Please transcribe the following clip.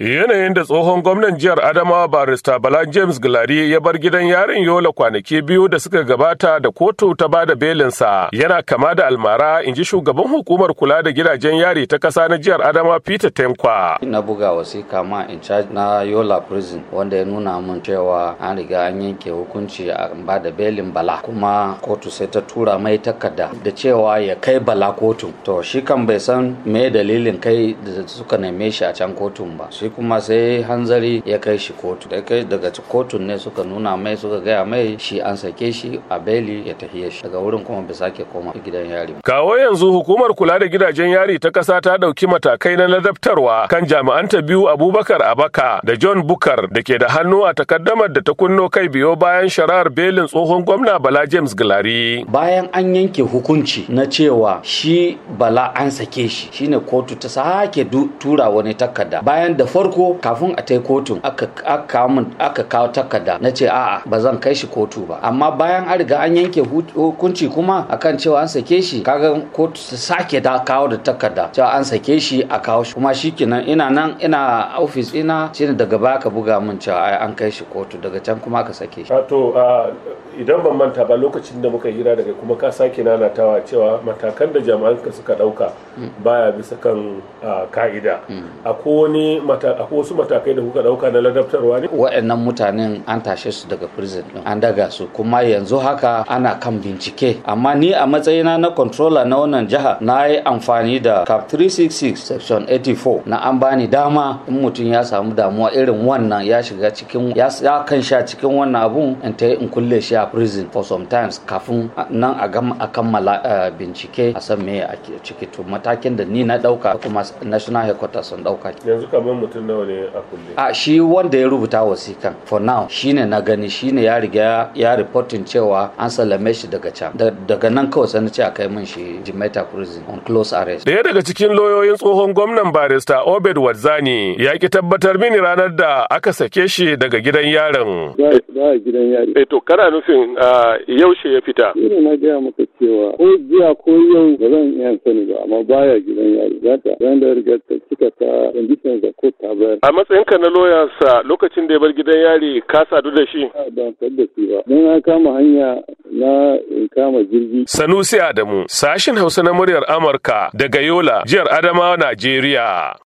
Yanayin da tsohon gwamnan jihar Adamawa barista Bala James Gilari ya bar gidan yarin Yola kwanaki biyu da suka gabata da kotu ta bada belinsa yana kama da almara in ji shugaban hukumar kula da gidajen yari ta kasa na jihar Adamawa Peter Tenkwa. Na buga wasi ma in charge na Yola prison wanda ya nuna mun cewa an riga an yanke hukunci a ba belin Bala kuma kotu sai ta tura mai takarda da cewa ya kai Bala kotu. To shi kan bai san me dalilin kai da suka neme shi a can kotun ba. shi kuma sai hanzari ya kai shi kotu da kai daga kotun ne suka nuna mai suka gaya mai shi an sake shi a beli ya tafi shi daga wurin kuma bai sake koma gidan yari kawo yanzu hukumar kula da gidajen yari ta kasa ta dauki matakai na ladabtarwa kan jami'an ta biyu abubakar abaka da john bukar da ke da hannu a takaddamar da ta kunno kai biyo bayan shari'ar belin tsohon gwamna bala james gilari bayan an yanke hukunci na cewa shi bala an sake shi shine kotu ta sake tura wani takarda bayan da farko kafin a tai kotu aka kawo takarda na ce a'a ba zan kai shi kotu ba amma bayan an riga an yanke hukunci kuma akan cewa an sake shi kaga kotu su sake da kawo da takarda cewa an sake shi a kawo shi kuma shikenan ina nan ina ofis ina shine daga baya ka buga mun cewa an kai shi kotu daga can kuma aka sake shi to idan ban manta ba lokacin da muka hira daga kuma ka sake nanatawa cewa matakan da ka suka dauka baya bisa kan ka'ida akwai wasu matakai da kuka dauka na ladabtarwa ne waɗannan mutanen an tashe su daga prison din an daga su kuma yanzu haka ana kan bincike amma ni a matsayina na controller na wannan jiha na yi amfani da cap 366 section 84 na an bani dama in mutum ya samu damuwa irin wannan ya shiga cikin ya kan sha cikin wannan abun in ta in kulle shi a prison for some times kafin nan a gama a kammala eh, bincike a san me a ciki to matakin da ni na dauka kuma national headquarters sun dauka yanzu kamar mutum nawa ne a kulle a shi wanda ya rubuta wasikan for now shine na gani shine ya riga ya reporting cewa an sallame shi daga can daga nan kawai sai na ce a kai min shi jimaita prison on close arrest daya daga cikin loyoyin tsohon gwamnan barista Obed Wadzani ya ki tabbatar mini ranar da aka sake shi daga gidan yaron. gidan yari. Eh to kana nufin yau yaushe ya fita? Ina na gaya maka cewa ko jiya ko yau ba zan iya sani ba amma baya gidan yari za ta zan da riga ta cika ta conditions da ko ta bayar. A matsayinka na loyansa lokacin da ya bar gidan yari ka sadu da shi? Ban sadu da shi ba. Don kama hanya na in kama jirgi. Sanusi Adamu, sashin Hausa na muryar Amurka daga Yola, jihar Adamawa, Najeriya.